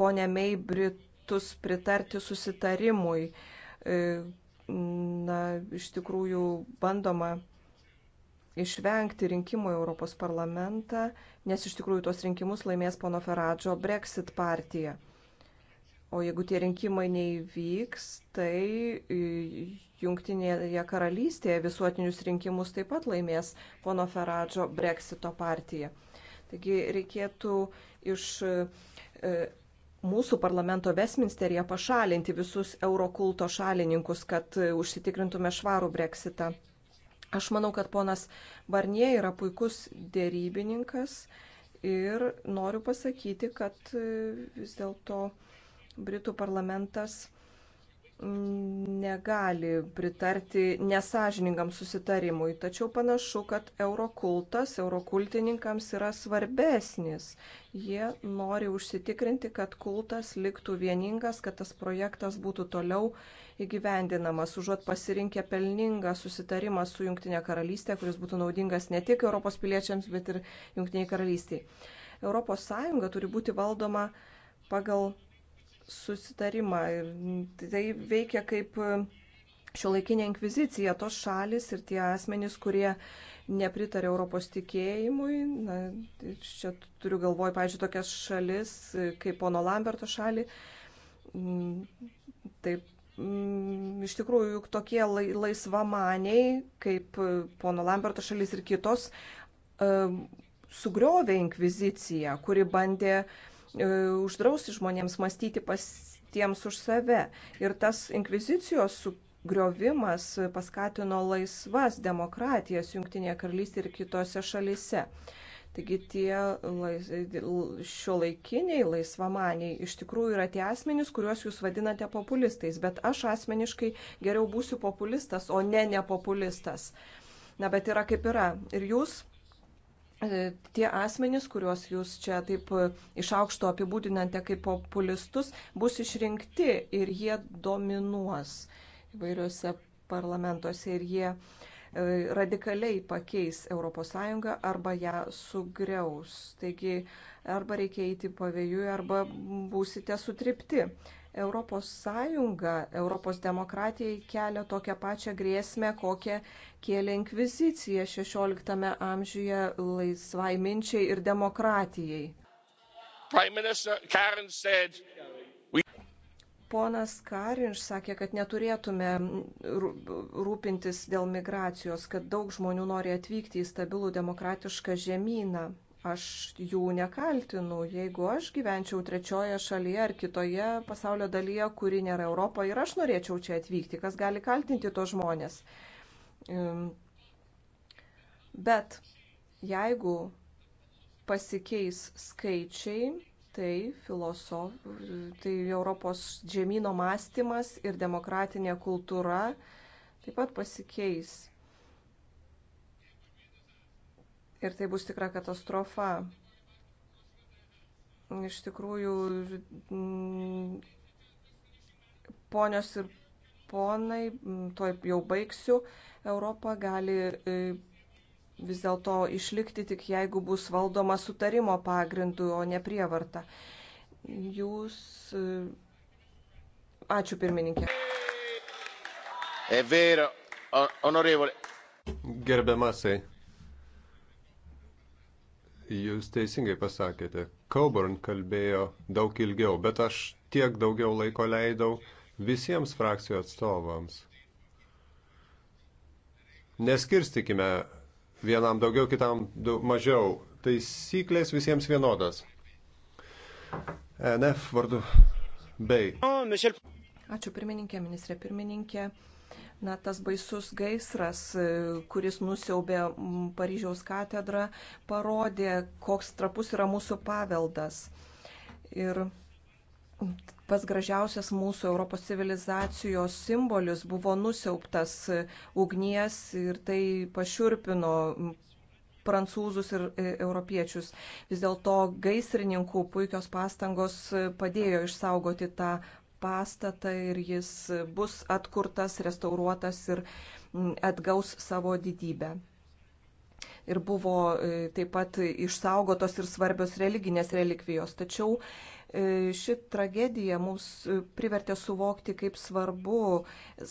ponė Mei Britus pritarti susitarimui. E, na, iš tikrųjų bandoma išvengti rinkimų į Europos parlamentą, nes iš tikrųjų tuos rinkimus laimės pono Feradžo Brexit partija. O jeigu tie rinkimai neįvyks, tai e, Junktinėje karalystėje visuotinius rinkimus taip pat laimės pono Feradžo Brexito partija. Taigi reikėtų iš e, mūsų parlamento Vesminsteryje pašalinti visus eurokulto šalininkus, kad e, užsitikrintume švarų breksitą. Aš manau, kad ponas Barnie yra puikus dėrybininkas ir noriu pasakyti, kad e, vis dėlto Britų parlamentas negali pritarti nesažiningam susitarimui, tačiau panašu, kad eurokultas, eurokultininkams yra svarbesnis. Jie nori užsitikrinti, kad kultas liktų vieningas, kad tas projektas būtų toliau įgyvendinamas, užuot pasirinkę pelningą susitarimą su Junktinė karalystė, kuris būtų naudingas ne tik Europos piliečiams, bet ir Junktiniai karalystiai. ES turi būti valdoma pagal susitarimą ir tai veikia kaip e, šiuolaikinė inkvizicija, tos šalis ir tie asmenys, kurie nepritarė Europos tikėjimui. Na, čia turiu galvoj, pažiūrėjau, tokias šalis e, kaip pono Lamberto šalį. Mm, taip, mm, iš tikrųjų, juk tokie laisvamaniai, kaip e, pono Lamberto šalis ir kitos, sugriovė inkviziciją, kuri bandė uh, E, uždrausti žmonėms mąstyti tiems už save. Ir tas inkvizicijos sugriovimas paskatino laisvas demokratijas Junktinėje karalystėje ir kitose šalise. Taigi tie lais, šio laikiniai laisvamaniai iš tikrųjų yra tie asmenys, kuriuos jūs vadinate populistais, bet aš asmeniškai geriau būsiu populistas, o ne nepopulistas. Na, bet yra kaip yra. Ir jūs E, tie asmenys, kuriuos jūs čia taip e, iš aukšto apibūdinate kaip populistus, bus išrinkti ir jie dominuos įvairiuose parlamentuose ir jie e, radikaliai pakeis ES arba ją sugriaus. Taigi arba reikia eiti pavėjui, arba būsite sutripti. Europos Sąjunga, Europos demokratijai kelia tokią pačią grėsmę, kokią kėlė inkvizicija XVI amžiuje laisvai minčiai ir demokratijai. Said, we... Ponas Karinš sakė, kad neturėtume rūpintis dėl migracijos, kad daug žmonių nori atvykti į stabilų demokratišką žemyną. Aš jų nekaltinu. Jeigu aš gyvenčiau trečioje šalyje ar kitoje pasaulio dalyje, kuri nėra Europo ir aš norėčiau čia atvykti, kas gali kaltinti tos žmonės. Bet jeigu pasikeis skaičiai, tai, filosof, tai Europos žemynų mąstymas ir demokratinė kultūra taip pat pasikeis ir tai bus tikra katastrofa. Iš tikrųjų, ponios ir ponai, tuo jau baigsiu, Europa gali e, vis dėlto išlikti tik jeigu bus valdoma sutarimo pagrindu, o ne prievarta. Jūs. E, ačiū pirmininkė. Gerbiamasai, jūs teisingai pasakėte. Coburn kalbėjo daug ilgiau, bet aš tiek daugiau laiko leidau visiems frakcijų atstovams. Neskirstikime vienam daugiau, kitam mažiau. Taisyklės visiems vienodas. E NF vardu. Bei. Ačiū pirmininkė, ministrė pirmininkė. Na, tas baisus gaisras, e, kuris nusiaubė Paryžiaus katedrą, parodė, koks trapus yra mūsų paveldas. Ir pats gražiausias mūsų Europos civilizacijos simbolis buvo nusiauptas e, ugnies ir tai pašiurpino prancūzus ir e, europiečius. Vis dėlto gaisrininkų puikios pastangos padėjo išsaugoti tą pastatą ir jis bus atkurtas, restauruotas ir mm, atgaus savo didybę. Ir buvo e, taip pat išsaugotos ir svarbios religinės relikvijos. Tačiau E, ši tragedija mus e, privertė suvokti, kaip svarbu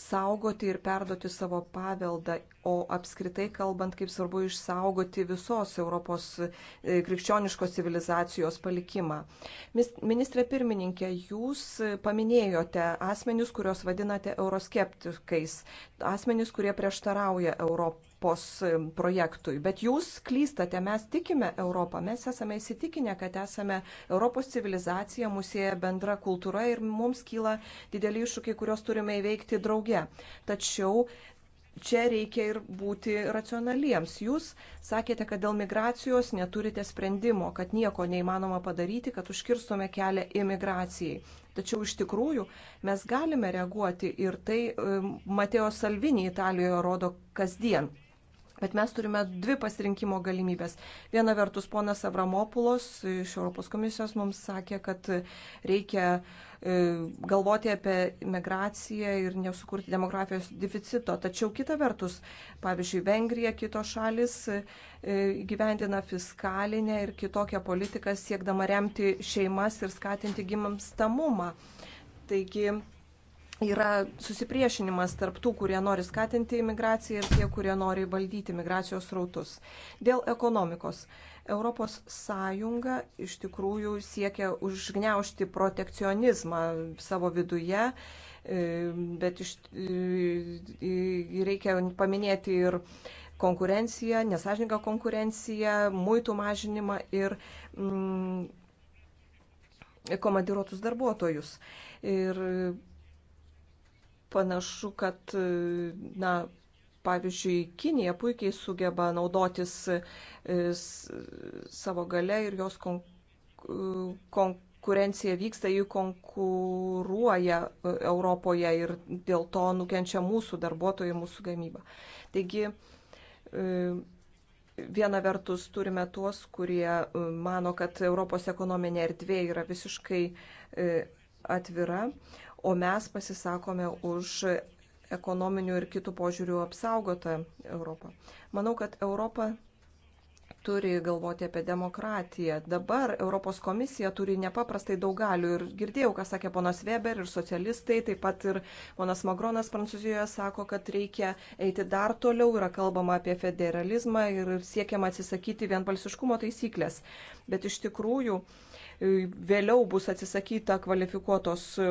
saugoti ir perduoti savo paveldą, o apskritai kalbant, kaip svarbu išsaugoti visos Europos e, krikščioniškos civilizacijos palikimą. Ministrė pirmininkė, jūs paminėjote asmenys, kuriuos vadinate euroskeptikais, asmenys, kurie prieštarauja Europą Europos projektui. Bet jūs klystate, mes tikime Europą, mes esame įsitikinę, kad esame Europos civilizacija, musėja bendra kultūra ir mums kyla dideli iššūkiai, kuriuos turime įveikti drauge. Tačiau čia reikia ir būti racionaliems. Jūs sakėte, kad dėl migracijos neturite sprendimo, kad nieko neįmanoma padaryti, kad užkirstume kelią imigracijai. Tačiau iš tikrųjų mes galime reaguoti ir tai Mateo Salvini Italijoje rodo kasdien. Bet mes turime dvi pasirinkimo galimybės. Viena vertus, ponas Avramopulos iš Europos komisijos mums sakė, kad reikia e, galvoti apie migraciją ir nesukurti demografijos deficito. Tačiau kita vertus, pavyzdžiui, Vengrija, kitos šalis e, gyvendina fiskalinę ir kitokią politiką siekdama remti šeimas ir skatinti gimstamumą. Taigi, yra susipriešinimas tarp tų, kurie nori skatinti imigraciją ir tie, kurie nori valdyti migracijos rautus. Dėl ekonomikos. Europos Sąjunga iš tikrųjų siekia užgneušti protekcionizmą savo viduje, e, bet iš, e, e, reikia paminėti ir konkurenciją, nesažininką konkurenciją, muitų mažinimą ir mm, komandiruotus darbuotojus. Ir Panašu, kad, na, pavyzdžiui, Kinija puikiai sugeba naudotis e, savo gale ir jos konkurencija vyksta, jų konkuruoja e, Europoje ir dėl to nukenčia mūsų darbuotojai, mūsų gamyba. Taigi, e, viena vertus turime tuos, kurie mano, kad Europos ekonominė erdvė yra visiškai atvira, o mes pasisakome už ekonominių ir kitų požiūrių apsaugotą Europą. Manau, kad Europa turi galvoti apie demokratiją. Dabar Europos komisija turi nepaprastai daug galių ir girdėjau, ką sakė ponas Weber ir socialistai, taip pat ir ponas Magronas Prancūzijoje sako, kad reikia eiti dar toliau, yra kalbama apie federalizmą ir siekiama atsisakyti vienbalsiškumo taisyklės. Bet iš tikrųjų, uh, vėliau bus atsisakyta kvalifikuotos e,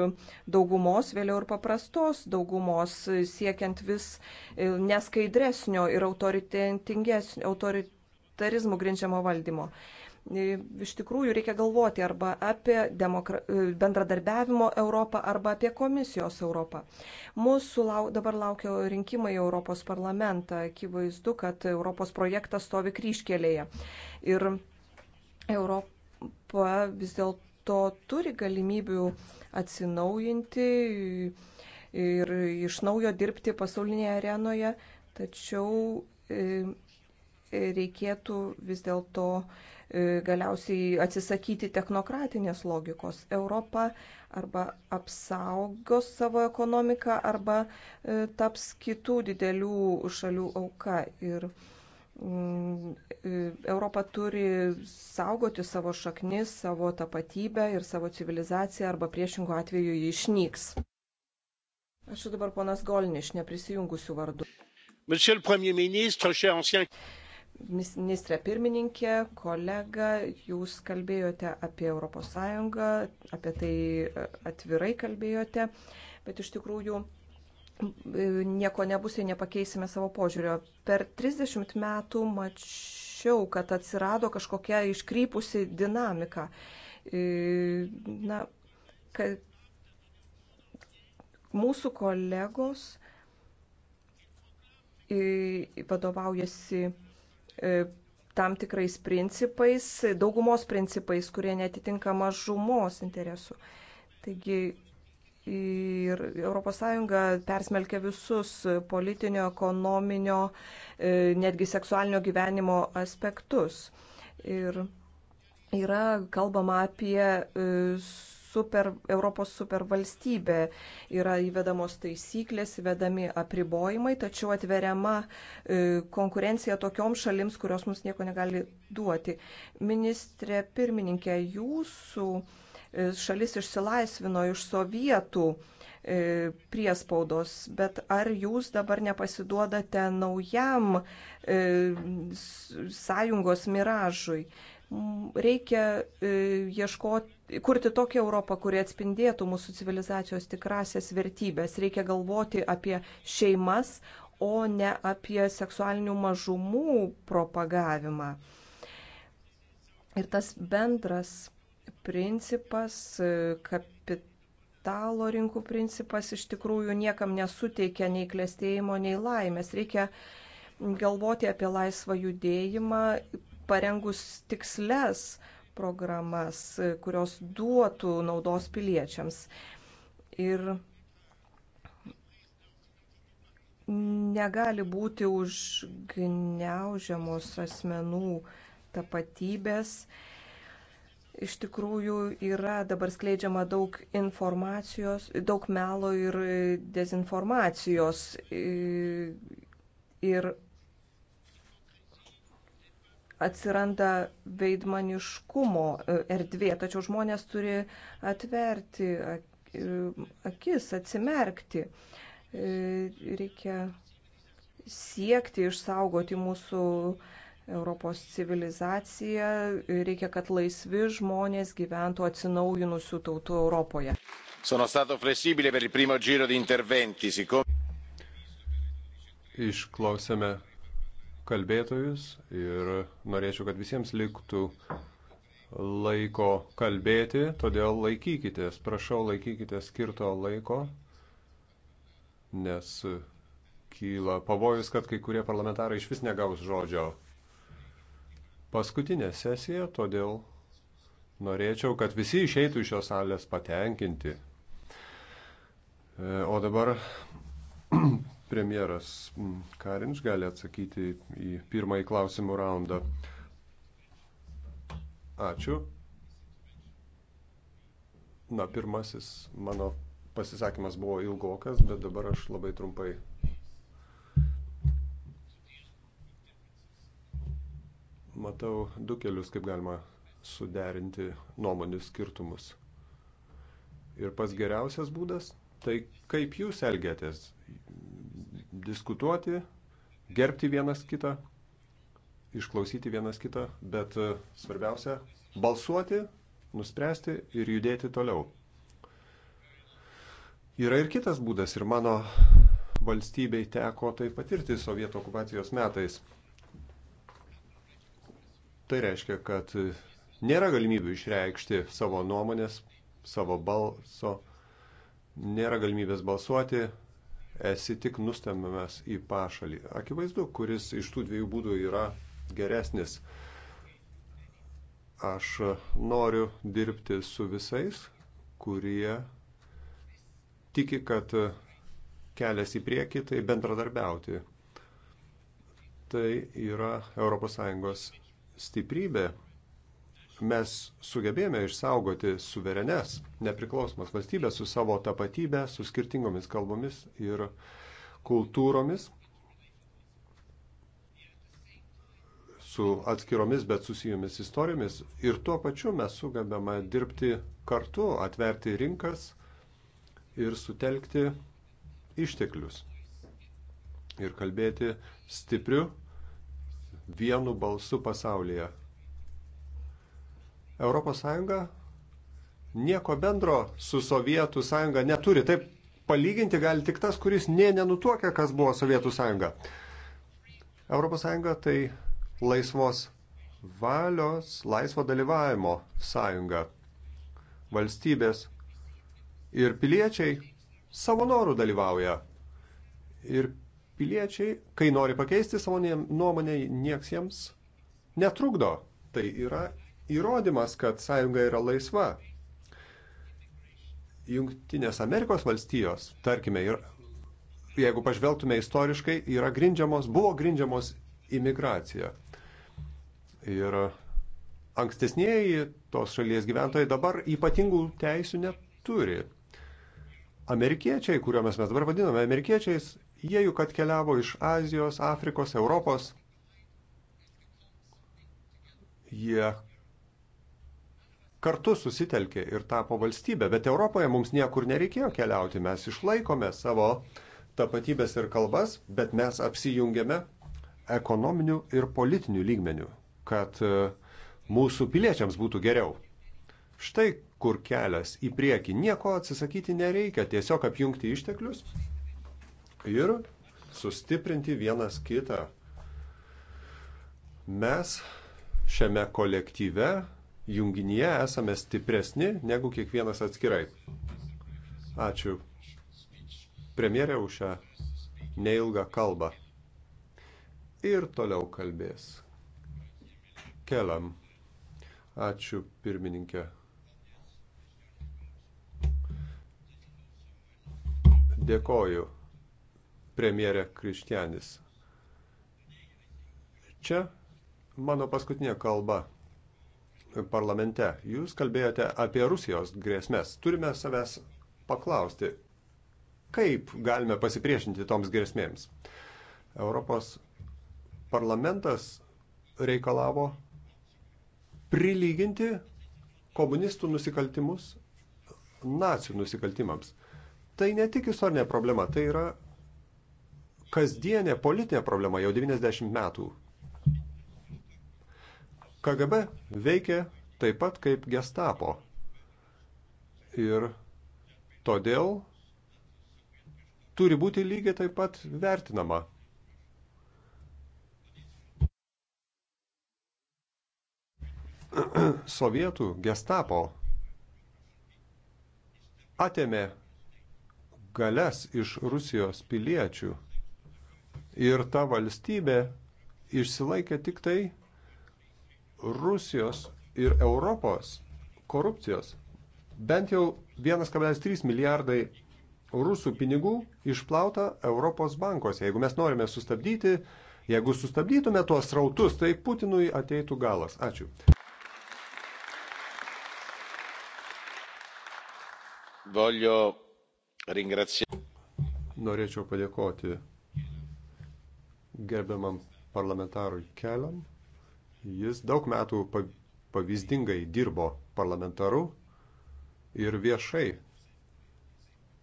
daugumos, vėliau ir paprastos daugumos, e, siekiant vis e, neskaidresnio ir autoritarizmų grindžiamo valdymo. Iš tikrųjų reikia galvoti arba apie demokra... bendradarbiavimo Europą, arba apie komisijos Europą. Mūsų lau... dabar laukia rinkimai į Europos parlamentą. Akivaizdu, kad Europos projektas stovi kryškelėje. Ir Europos Europa vis dėlto turi galimybių atsinaujinti ir iš naujo dirbti pasaulinėje arenoje, tačiau e, e, reikėtų vis dėlto e, galiausiai atsisakyti technokratinės logikos. Europa arba apsaugos savo ekonomiką, arba taps kitų didelių šalių auka. Ir Mm, e, Europa turi saugoti savo šaknis, savo tapatybę ir savo civilizaciją arba priešingų atveju jį išnyks. Aš jau dabar ponas Golniš, neprisijungusių vardu. Ministrė pirmininkė, kolega, jūs kalbėjote apie ES, apie tai e, atvirai kalbėjote, bet iš tikrųjų nieko nebus, jei nepakeisime savo požiūrio. Per 30 metų mačiau, kad atsirado kažkokia iškrypusi dinamika. E, na, kad mūsų kolegos e, vadovaujasi e, tam tikrais principais, daugumos principais, kurie netitinka mažumos interesų. Taigi Ir ES persmelkia visus politinio, ekonominio, e, netgi seksualinio gyvenimo aspektus. Ir yra kalbama apie e, super, Europos supervalstybė. Yra įvedamos taisyklės, įvedami apribojimai, tačiau atveriama e, konkurencija tokiom šalims, kurios mums nieko negali duoti. Ministrė pirmininkė, jūsų E, šalis išsilaisvino iš sovietų e, priespaudos, bet ar jūs dabar nepasiduodate naujam e, sąjungos miražui? Reikia ieškoti, kurti tokią Europą, kuri atspindėtų mūsų civilizacijos tikrasias vertybės. Reikia galvoti apie šeimas, o ne apie seksualinių mažumų propagavimą. Ir tas bendras principas, kapitalo rinkų principas iš tikrųjų niekam nesuteikia nei klėstėjimo, nei laimės. Reikia galvoti apie laisvą judėjimą, parengus tiksles programas, kurios duotų naudos piliečiams. Ir negali būti užgneužiamos asmenų tapatybės, iš tikrųjų yra dabar skleidžiama daug informacijos, daug melo ir dezinformacijos. Ir atsiranda veidmaniškumo e, erdvė, tačiau žmonės turi atverti e, akis, atsimerkti. E, reikia siekti išsaugoti mūsų Europos civilizaciją. Reikia, kad laisvi žmonės gyventų atsinaujinusių tautų Europoje. Išklausėme kalbėtojus ir norėčiau, kad visiems liktų laiko kalbėti, todėl laikykitės, prašau laikykitės skirto laiko, nes kyla pavojus, kad kai kurie parlamentarai iš vis negaus žodžio paskutinė sesija, todėl norėčiau, kad visi išeitų iš šios salės patenkinti. E, o dabar premjeras Karinš gali atsakyti į pirmąjį klausimų raundą. Ačiū. Na, pirmasis mano pasisakymas buvo ilgokas, bet dabar aš labai trumpai matau du kelius, kaip galima suderinti nuomonių skirtumus. Ir pas geriausias būdas, tai kaip jūs elgiatės? Diskutuoti, gerbti vienas kitą, išklausyti vienas kitą, bet e, svarbiausia - balsuoti, nuspręsti ir judėti toliau. Yra ir kitas būdas ir mano valstybei teko tai patirti sovietų okupacijos metais. Tai reiškia, kad nėra galimybių išreikšti savo nuomonės, savo balso, nėra galimybės balsuoti, esi tik nustamiamas į pašalį. Akivaizdu, kuris iš tų dviejų būdų yra geresnis. Aš noriu dirbti su visais, kurie tiki, kad kelias į priekį tai bendradarbiauti. Tai yra ES stiprybė mes sugebėjome išsaugoti suverenes, nepriklausomas valstybės su savo tapatybė, su skirtingomis kalbomis ir kultūromis, su atskiromis, bet susijomis istorijomis. Ir tuo pačiu mes sugebame dirbti kartu, atverti rinkas ir sutelkti išteklius. Ir kalbėti stipriu vienu balsu pasaulyje. ES nieko bendro su Sovietų sąjunga neturi. Taip palyginti gali tik tas, kuris nė nenutuokia, kas buvo Sovietų sąjunga. ES tai laisvos valios, laisvo dalyvavimo sąjunga. Valstybės ir piliečiai savo norų dalyvauja. Ir piliečiai, kai nori pakeisti savo nuomonę, nieks jiems netrukdo. Tai yra įrodymas, kad sąjunga yra laisva. Junktinės Amerikos valstijos, tarkime, ir jeigu pažvelgtume istoriškai, yra grindžiamos, buvo grindžiamos imigracija. Ir ankstesnėji tos šalies gyventojai dabar ypatingų teisių neturi. Amerikiečiai, kuriuo mes dabar vadiname amerikiečiais, Jie juk atkeliavo iš Azijos, Afrikos, Europos. Jie kartu susitelkė ir tapo valstybė, bet Europoje mums niekur nereikėjo keliauti, mes išlaikome savo tapatybės ir kalbas, bet mes apsijungiame ekonominių ir politinių lygmenių, kad e, mūsų piliečiams būtų geriau. Štai kur kelias į priekį. Nieko atsisakyti nereikia, tiesiog apjungti išteklius ir sustiprinti vienas kitą. Mes šiame kolektyve, junginyje esame stipresni negu kiekvienas atskirai. Ačiū premjerė už šią neilgą kalbą. Ir toliau kalbės. Keliam. Ačiū pirmininkė. Dėkoju premjerė Krištianis. Čia mano paskutinė kalba parlamente. Jūs kalbėjote apie Rusijos grėsmės. Turime savęs paklausti, kaip galime pasipriešinti toms grėsmėms. Europos parlamentas reikalavo prilyginti komunistų nusikaltimus nacijų nusikaltimams. Tai ne tik istorinė problema, tai yra kasdienė politinė problema jau 90 metų. KGB veikė taip pat kaip gestapo. Ir todėl turi būti lygiai taip pat vertinama. Sovietų gestapo atėmė galias iš Rusijos piliečių Ir ta valstybė išsilaikė tik tai Rusijos ir Europos korupcijos. Bent jau 1,3 milijardai rusų pinigų išplauta Europos bankose. Jeigu mes norime sustabdyti, jeigu sustabdytume tuos srautus, tai Putinui ateitų galas. Ačiū. Voglio ringraziare. Norėčiau padėkoti gerbiamam parlamentarui Keliam. Jis daug metų pavyzdingai dirbo parlamentaru ir viešai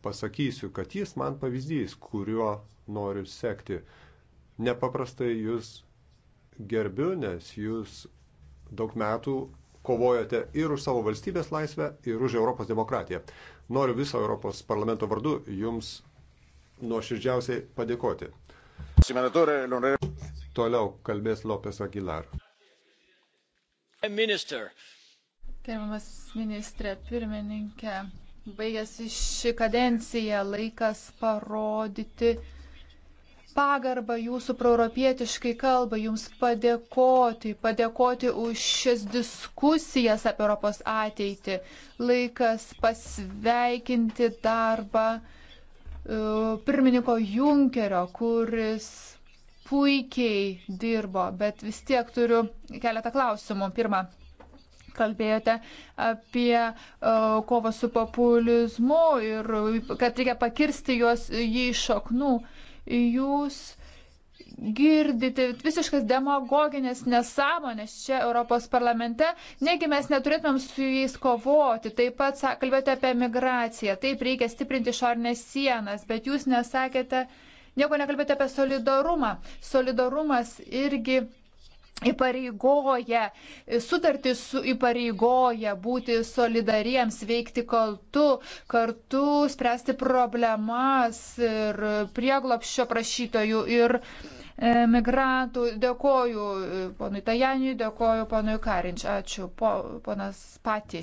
pasakysiu, kad jis man pavyzdys, kuriuo noriu sekti. Nepaprastai jūs gerbiu, nes jūs daug metų kovojote ir už savo valstybės laisvę, ir už Europos demokratiją. Noriu viso Europos parlamento vardu jums nuoširdžiausiai padėkoti. Toliau kalbės Lopes Aguilar. Minister. Gerbiamas ministrė pirmininkė, baigėsi ši kadencija, laikas parodyti pagarbą jūsų proeuropietiškai kalbą, jums padėkoti, padėkoti už šias diskusijas apie Europos ateitį. Laikas pasveikinti darbą E, pirmininko Junkerio, kuris puikiai dirbo, bet vis tiek turiu keletą klausimų. Pirma, kalbėjote apie e, kovą su populizmu ir kad reikia pakirsti juos jį iš šaknų. Jūs uh, girdite visiškas demagoginės nesąmonės čia Europos parlamente, negi mes neturėtumėm su jais kovoti. Taip pat kalbėjote apie migraciją, taip reikia stiprinti išornės sienas, bet jūs nesakėte, nieko nekalbėjote apie solidarumą. Solidarumas irgi įpareigoja, sutartis su įpareigoja būti solidariems, veikti kaltu, kartu spręsti problemas ir prieglopščio prašytojų ir E, migrantų. Dėkoju e, ponui Tajaniui, dėkoju ponui Karinč. Ačiū, po, ponas Pati.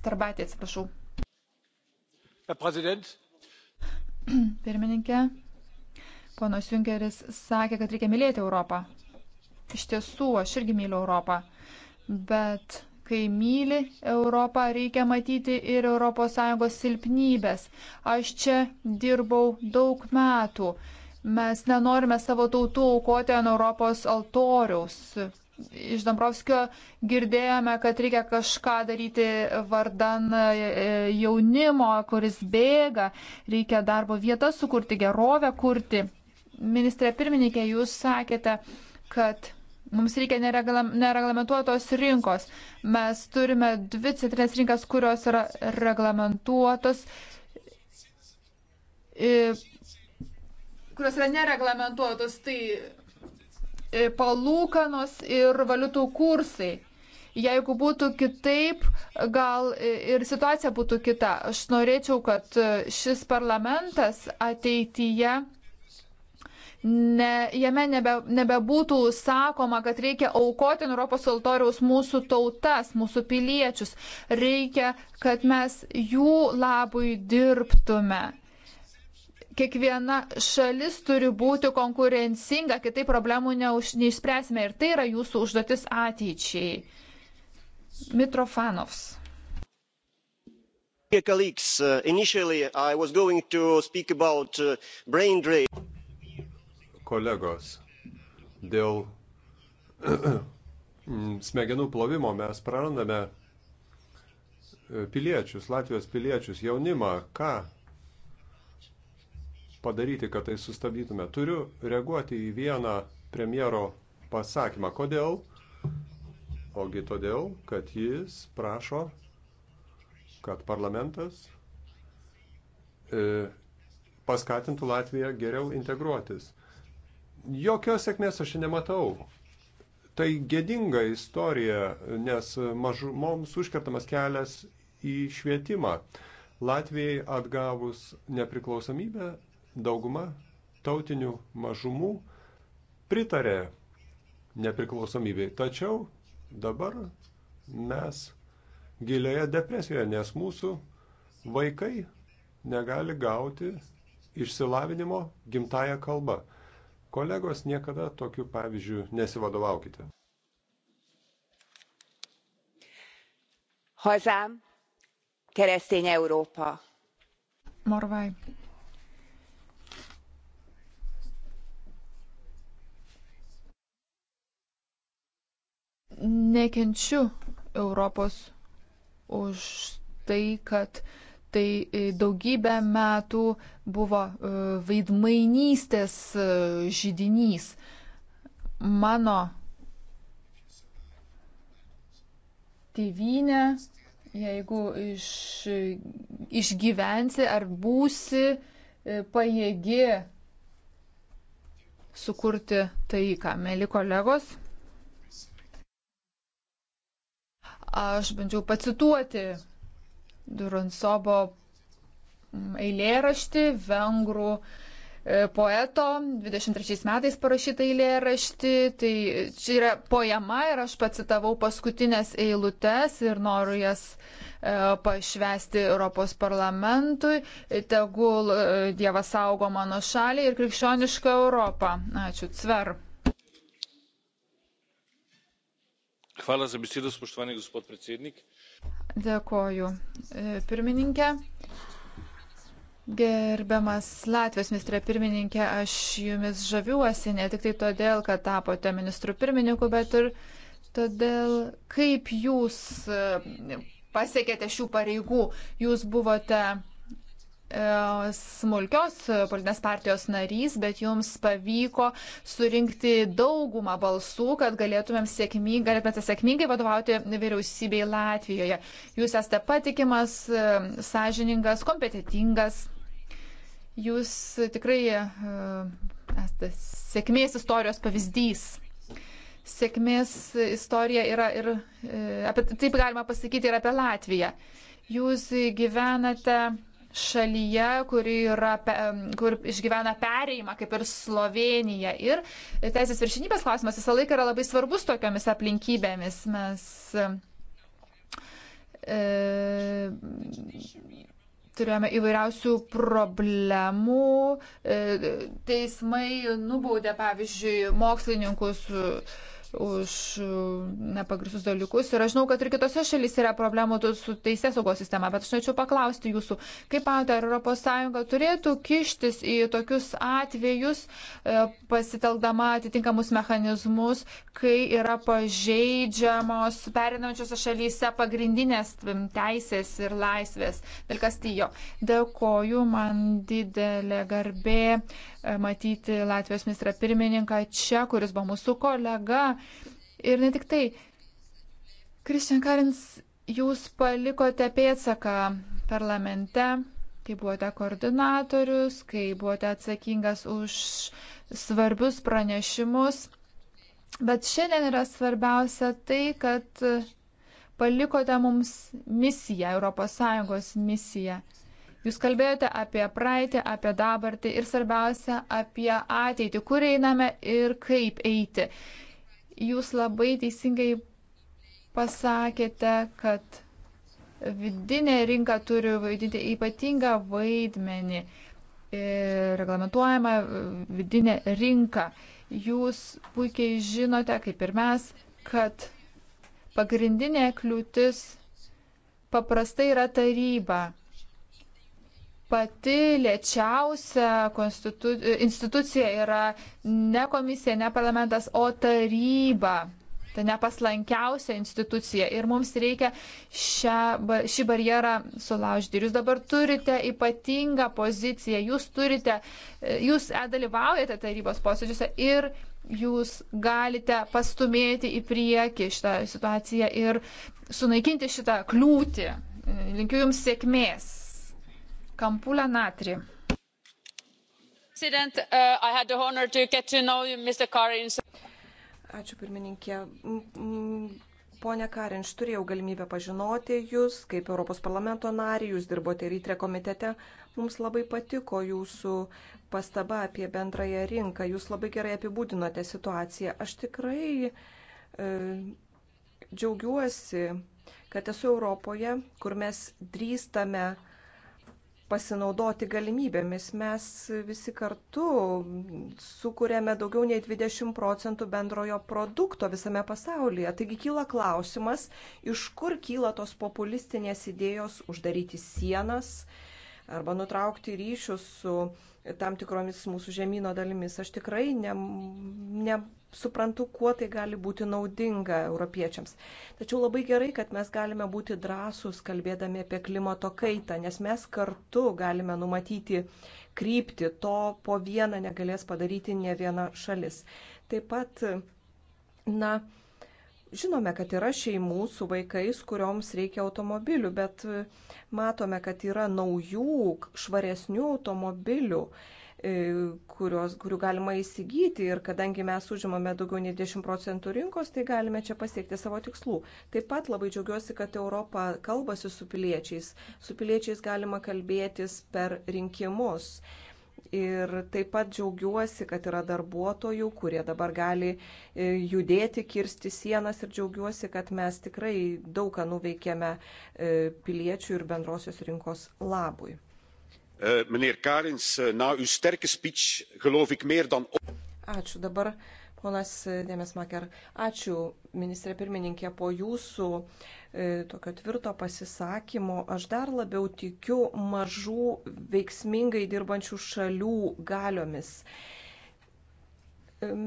Starbatė, atsiprašau. Pirmininkė, ponas Junkeris sakė, kad reikia mylėti Europą. Iš tiesų, aš irgi myliu Europą, bet kai myli Europą, reikia matyti ir ES silpnybės. Aš čia dirbau daug metų. Mes nenorime savo tautų aukoti ant Europos altoriaus. Iš Dambrovskio girdėjome, kad reikia kažką daryti vardan e, e, jaunimo, kuris bėga, reikia darbo vietas sukurti, gerovę kurti. Ministrė pirmininkė, jūs sakėte, kad Mums reikia nereglamentuotos rinkos. Mes turime dvi centrinės rinkas, kurios yra reglamentuotos, kurios yra nereglamentuotos, tai palūkanos ir valiutų kursai. Jeigu būtų kitaip, gal ir situacija būtų kita. Aš norėčiau, kad šis parlamentas ateityje ne, jame nebe, nebebūtų sakoma, kad reikia aukoti Europos altoriaus mūsų tautas, mūsų piliečius. Reikia, kad mes jų labui dirbtume. Kiekviena šalis turi būti konkurencinga, kitaip problemų neuž, neišspręsime ir tai yra jūsų užduotis ateičiai. Mitrofanovs. Dear colleagues, uh, initially I was going to speak about uh, brain drain kolegos. Dėl smegenų plovimo mes prarandame piliečius, Latvijos piliečius, jaunimą. Ką padaryti, kad tai sustabdytume? Turiu reaguoti į vieną premjero pasakymą. Kodėl? Ogi todėl, kad jis prašo, kad parlamentas e, paskatintų Latviją geriau integruotis. Jokios sėkmės aš nematau. Tai gėdinga istorija, nes mažumoms užkertamas kelias į švietimą. Latvijai atgavus nepriklausomybę, dauguma tautinių mažumų pritarė nepriklausomybei. Tačiau dabar mes gilioje depresijoje, nes mūsų vaikai negali gauti išsilavinimo gimtają kalbą. Kolegos, niekada tokiu pavyzdžiu nesivadovaukite. Hazám, keresztény Európa. Morvai. Nekenčiu Europos už tai, kad uh, Tai e, daugybę metų buvo e, vaidmainystės e, žydinys. Mano tėvynė, jeigu iš, išgyvensi ar būsi pajėgi sukurti taiką. Mėly kolegos, aš bandžiau pacituoti Duransobo mm, eilėraštį, vengrų e, poeto 23 metais parašytą eilėraštį. Tai čia yra poema ir aš pacitavau paskutinės eilutes ir noriu jas e, pašvesti Europos parlamentui. Tegul e, Dievas saugo mano šalį ir krikščionišką Europą. Ačiū, Cver. Hvala za besedo, spoštovani gospod predsednik. Dėkoju. E, pirmininkė. Gerbiamas Latvijos ministrė pirmininkė, aš jumis žaviuosi ne tik tai todėl, kad tapote ministrų pirmininku, bet ir todėl, kaip jūs e, pasiekėte šių pareigų. Jūs buvote E, smulkios politinės partijos narys, bet jums pavyko surinkti daugumą balsų, kad galėtumėm sėkmingai, galėtumėte sėkmingai vadovauti vyriausybei Latvijoje. Jūs esate patikimas, e, sąžiningas, kompetitingas. Jūs tikrai e, esate sėkmės istorijos pavyzdys sėkmės istorija yra ir, apie, taip galima pasakyti, ir apie Latviją. Jūs gyvenate šalyje, kuri yra, kur išgyvena pereimą, kaip ir Slovenija. Ir teisės viršinybės klausimas visą laiką yra labai svarbus tokiomis aplinkybėmis. Mes e, turėjome įvairiausių problemų. E, teismai nubaudė, pavyzdžiui, mokslininkus. E, už e, nepagristus dalykus. Ir aš žinau, kad ir kitose šalyse yra problemų su teisės saugos sistema, bet aš norėčiau paklausti jūsų, kaip manote, ar ES turėtų kištis į tokius atvejus, e, pasitelkdama atitinkamus mechanizmus, kai yra pažeidžiamos perinančiose šalyse pagrindinės teisės ir laisvės. Dėl kastijo. Dėkoju, man didelė garbė E, matyti Latvijos ministrą pirmininką čia, kuris buvo mūsų kolega. Ir ne tik tai. Kristian Karins, jūs palikote pėtsaką parlamente, kai buvote koordinatorius, kai buvote atsakingas už svarbius pranešimus. Bet šiandien yra svarbiausia tai, kad palikote mums misiją, ES misiją. Jūs kalbėjote apie praeitį, apie dabartį ir svarbiausia apie ateitį, kur einame ir kaip eiti. Jūs labai teisingai pasakėte, kad vidinė rinka turi vaidinti ypatingą vaidmenį e, reglamentuojama vidinė rinka. Jūs puikiai žinote, kaip ir mes, kad pagrindinė kliūtis paprastai yra taryba pati lėčiausia konstitu... institucija yra ne komisija, ne parlamentas, o taryba. Tai nepaslankiausia institucija ir mums reikia šią, šį barjerą sulaužyti. Ir jūs dabar turite ypatingą poziciją, jūs turite, jūs dalyvaujate tarybos posėdžiuose ir jūs galite pastumėti į priekį šitą situaciją ir sunaikinti šitą kliūtį. Linkiu jums sėkmės. Kampulė Natri. Uh, Ačiū pirmininkė. Pone Karinš, turėjau galimybę pažinoti Jūs kaip Europos parlamento narį, Jūs dirbote rytre komitete. Mums labai patiko Jūsų pastaba apie bendrąją rinką. Jūs labai gerai apibūdinote situaciją. Aš tikrai e, džiaugiuosi, kad esu Europoje, kur mes drįstame e, pasinaudoti galimybėmis. Mes visi kartu sukūrėme daugiau nei 20 procentų bendrojo produkto visame pasaulyje. Taigi kyla klausimas, iš kur kyla tos populistinės idėjos uždaryti sienas, uh, arba nutraukti ryšius su tam tikromis mūsų žemynų dalimis. Aš tikrai nesuprantu, ne, ne kuo tai gali būti naudinga europiečiams. Tačiau labai gerai, kad mes galime būti drąsūs kalbėdami apie klimato kaitą, nes mes kartu galime numatyti krypti, to po vieną negalės padaryti ne viena šalis. Taip pat, na, Žinome, kad yra šeimų su vaikais, kurioms reikia automobilių, bet e, matome, kad yra naujų, švaresnių automobilių, e, kurios, kurių galima įsigyti ir kadangi mes užimame daugiau nei 10 procentų rinkos, tai galime čia pasiekti savo tikslų. Taip pat labai džiaugiuosi, kad Europa kalbasi su piliečiais. Su piliečiais galima kalbėtis per rinkimus. Ir taip pat džiaugiuosi, kad yra darbuotojų, kurie dabar gali e, judėti, kirsti sienas ir džiaugiuosi, kad mes tikrai daug ką nuveikėme e, piliečių ir bendrosios rinkos labui. Eh, meneer Karins, eh, na uw sterke speech geloof ik meer dan. Ačiū dabar Ponas Dėmesmaker, ačiū, ministrė pirmininkė, po jūsų e, tokio tvirto pasisakymo aš dar labiau tikiu mažų veiksmingai dirbančių šalių galiomis.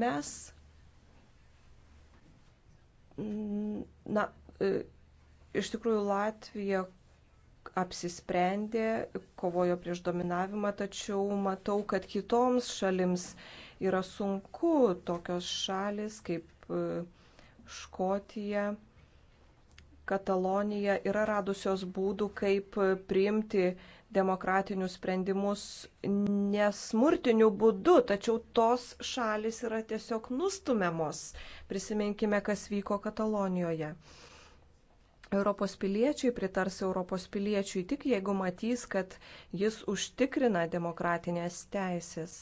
Mes, na, e, iš tikrųjų Latvija apsisprendė, kovojo prieš dominavimą, tačiau matau, kad kitoms šalims e, yra sunku tokios šalis kaip e, Škotija, Katalonija yra radusios būdų, kaip e, priimti demokratinius sprendimus nesmurtiniu būdu, tačiau tos šalis yra tiesiog nustumiamos. Prisiminkime, kas vyko Katalonijoje. Europos piliečiai pritars Europos piliečiui tik jeigu matys, kad jis užtikrina demokratinės teisės.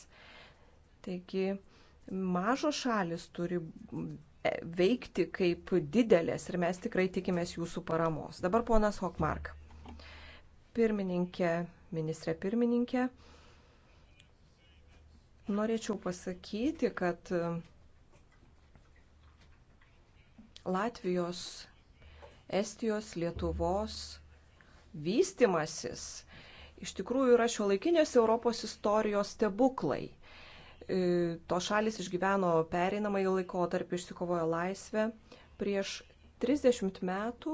Taigi mažos šalis turi e, veikti kaip didelės ir mes tikrai tikimės jūsų paramos. Dabar ponas Hokmark. Pirmininkė, ministrė pirmininkė, norėčiau pasakyti, kad Latvijos, Estijos, Lietuvos vystimasis iš tikrųjų yra šio laikinės Europos istorijos stebuklai. E, to šalis išgyveno pereinamąjį laikotarpį, išsikovojo laisvę. Prieš 30 metų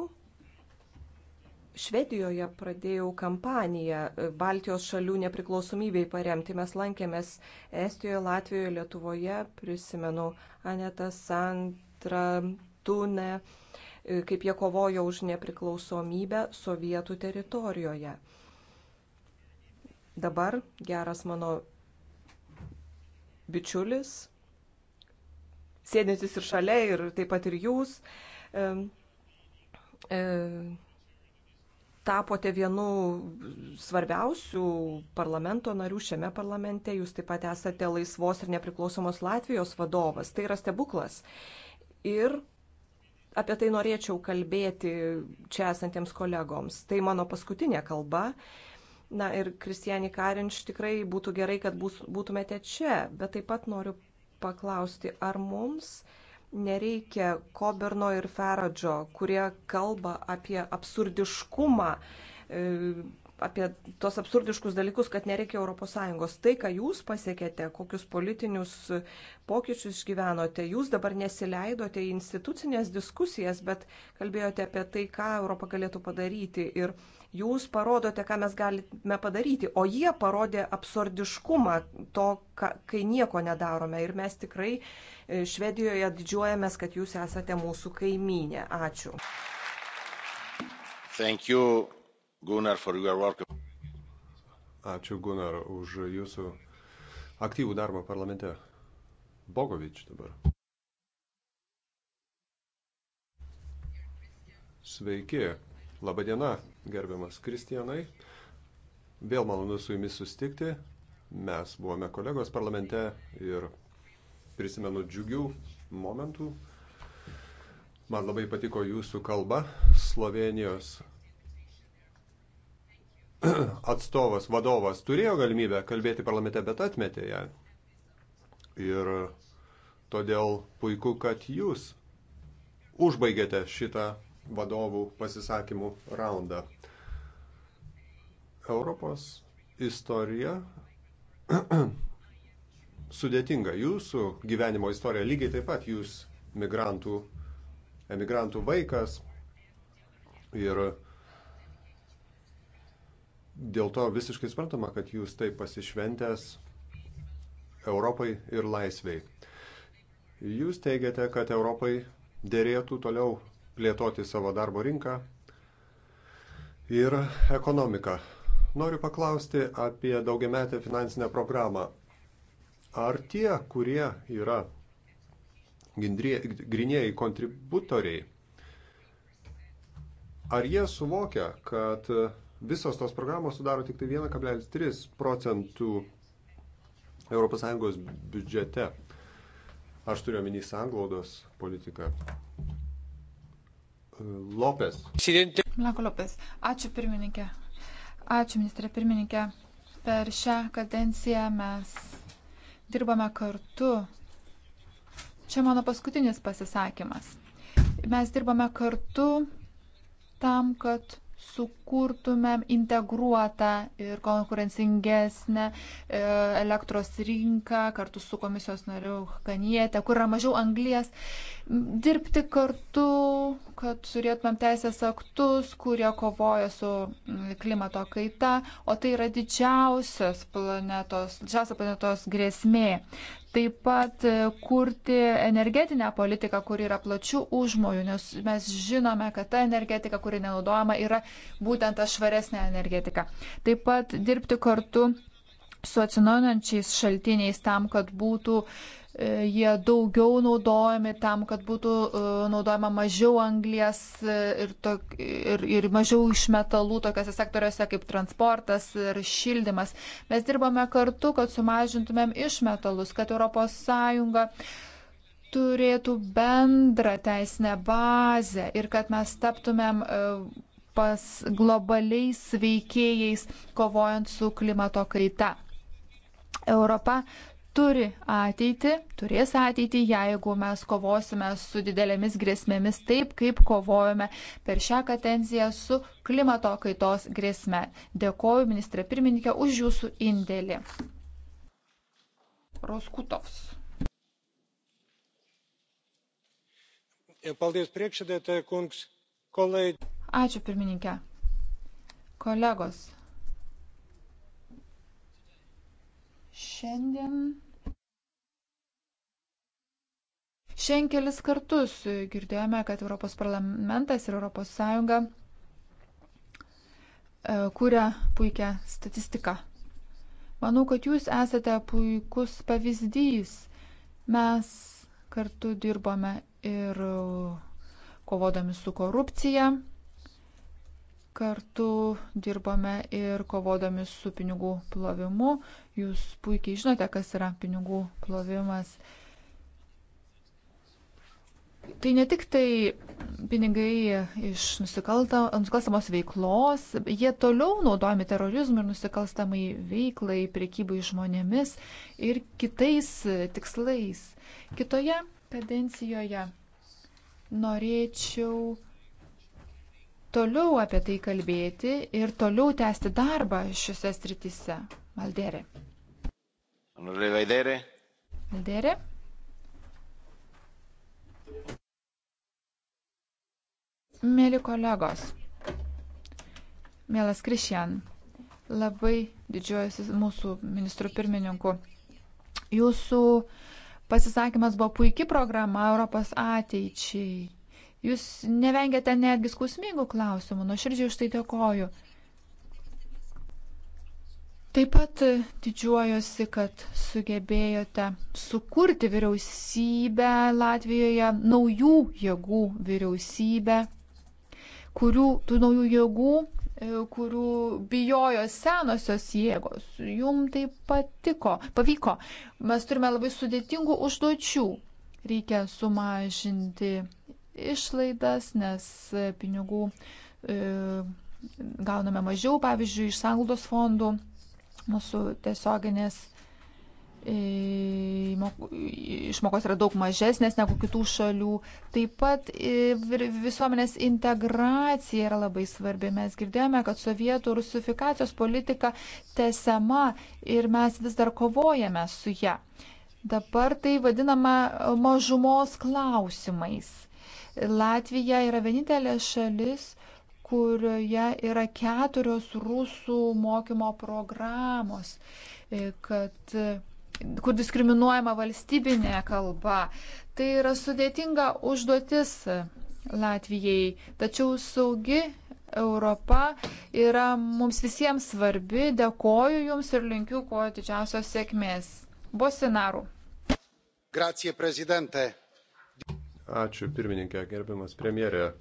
Švedijoje pradėjau kampaniją e, Baltijos šalių nepriklausomybei paremti. Mes lankėmės Estijoje, Latvijoje, Lietuvoje, prisimenu Anetą Santrą, Tune, e, kaip jie kovojo už nepriklausomybę sovietų teritorijoje. Dabar geras mano bičiulis, sėdintis ir šalia, ir taip pat ir jūs, e, e, tapote vienu svarbiausių parlamento narių šiame parlamente, jūs taip pat esate laisvos ir nepriklausomos Latvijos vadovas. Tai yra stebuklas. Ir apie tai norėčiau kalbėti čia esantiems kolegoms. Tai mano paskutinė kalba. E, Na ir Kristijani Karinč, tikrai būtų gerai, kad būtumėte čia, bet taip pat noriu paklausti, ar mums nereikia Koberno ir Feradžo, kurie kalba apie absurdiškumą e, apie tos absurdiškus dalykus, kad nereikia ES. Tai, ką jūs pasiekėte, kokius politinius pokyčius gyvenote, jūs dabar nesileidote į institucinės diskusijas, bet kalbėjote apie tai, ką Europa galėtų padaryti. Ir jūs parodote, ką mes galime padaryti, o jie parodė absurdiškumą to, kai nieko nedarome. Ir mes tikrai e, Švedijoje didžiuojamės, kad jūs esate mūsų kaimynė. Ačiū. Thank you. Gunnar, for your work. Ačiū Gunnar už jūsų aktyvų darbą parlamente. Bogovič dabar. Sveiki. Labadiena, gerbiamas Kristijanai. Vėl malonu su jumis sustikti. Mes buvome kolegos parlamente ir prisimenu džiugių momentų. Man labai patiko jūsų kalba Slovenijos atstovas, vadovas turėjo galimybę kalbėti parlamente, bet atmetė ją. Ir todėl puiku, kad jūs užbaigėte šitą vadovų pasisakymų raundą. Europos istorija sudėtinga. Jūsų gyvenimo istorija lygiai taip pat jūs migrantų, emigrantų vaikas ir Dėl to visiškai suprantama, kad jūs taip pasišventęs Europai ir laisviai. Jūs teigiate, kad Europai dėrėtų toliau plėtoti savo darbo rinką ir ekonomiką. Noriu paklausti apie daugiametę finansinę programą. Ar tie, kurie yra grinėjai kontributoriai, ar jie suvokia, kad Visos tos programos sudaro tik tai 1,3 procentų ES biudžete. Aš turiu omeny sanglaudos politiką. Lopes. Blanko Lopes. Ačiū pirmininkė. Ačiū ministrė pirmininkė. Per šią kadenciją mes dirbame kartu. Čia mano paskutinis pasisakymas. Mes dirbame kartu tam, kad sukurtumėm integruotą ir konkurencingesnę e, elektros rinką kartu su komisijos nariu Kanietė, kur yra mažiau anglijas, dirbti kartu, kad turėtumėm teisės aktus, kurie kovoja su mm, klimato kaita, o tai yra didžiausias planetos, didžiausia planetos grėsmė taip pat e, kurti energetinę politiką, kuri yra plačių užmojų, nes mes žinome, kad ta energetika, kuri nenaudojama, yra būtent ta švaresnė energetika. Taip pat dirbti kartu su atsinaujančiais šaltiniais tam, kad būtų jie daugiau naudojami tam, kad būtų e, naudojama mažiau anglies e, ir, to, ir, ir mažiau išmetalų tokiuose sektoriuose kaip transportas ir šildymas. Mes dirbame kartu, kad sumažintumėm išmetalus, kad ES turėtų bendrą teisinę bazę ir kad mes taptumėm e, pas globaliais veikėjais kovojant su klimato kaita. Europa turi ateitį, turės ateitį, jeigu mes kovosime su didelėmis grėsmėmis taip, kaip kovojame per šią kadenciją su klimato kaitos grėsme. Dėkoju, ministrė pirmininkė, už jūsų indėlį. Roskutovs. Paldies priekšsėdėtė, kungs, kolai. Ačiū pirmininkė. Kolegos. Šiandien Šiandien kelis kartus girdėjome, kad Europos parlamentas ir Europos Sąjunga e, kūrė puikią statistiką. Manau, kad jūs esate puikus pavyzdys. Mes kartu dirbome ir kovodami su korupcija, kartu dirbome ir kovodami su pinigų plovimu. Jūs puikiai žinote, kas yra pinigų plovimas. Uh, Tai ne tik tai pinigai iš nusikalstamos veiklos, jie toliau naudojami terorizmui ir nusikalstamai veiklai, priekybai žmonėmis ir kitais tikslais. Kitoje kadencijoje norėčiau toliau apie tai kalbėti ir toliau tęsti darbą šiuose sritise. Maldere. Maldere. Mėly kolegos, mielas Krišian, labai didžiuojasi mūsų ministrų pirmininku. Jūsų pasisakymas buvo puikia programa Europos ateičiai. Jūs nevengiate netgi skausmingų klausimų, nuoširdžiai už tai dėkoju. Taip pat didžiuojosi, kad sugebėjote sukurti vyriausybę Latvijoje, naujų jėgų vyriausybę, kurių, tų naujų jėgų, e, kurių bijojo senosios jėgos. Jum tai patiko, pavyko. Mes turime labai sudėtingų užduočių. Reikia sumažinti išlaidas, nes e, pinigų e, gauname mažiau, pavyzdžiui, iš sanglaudos fondų, mūsų tiesioginės E, išmokos yra daug mažesnės negu kitų šalių. Taip pat e, visuomenės integracija yra labai svarbi. Mes girdėjome, kad sovietų rusifikacijos politika tesama ir mes vis dar kovojame su ją. Dabar tai vadinama mažumos klausimais. Latvija yra vienintelė šalis, kurioje yra keturios rusų mokymo programos, e, kad kur diskriminuojama valstybinė kalba. Tai yra sudėtinga užduotis Latvijai, tačiau saugi Europa yra mums visiems svarbi. Dėkoju Jums ir linkiu kuo didžiausios sėkmės. Bosinarų. Grazie, prezidente. Ačiū, pirmininkė, gerbiamas premjerė.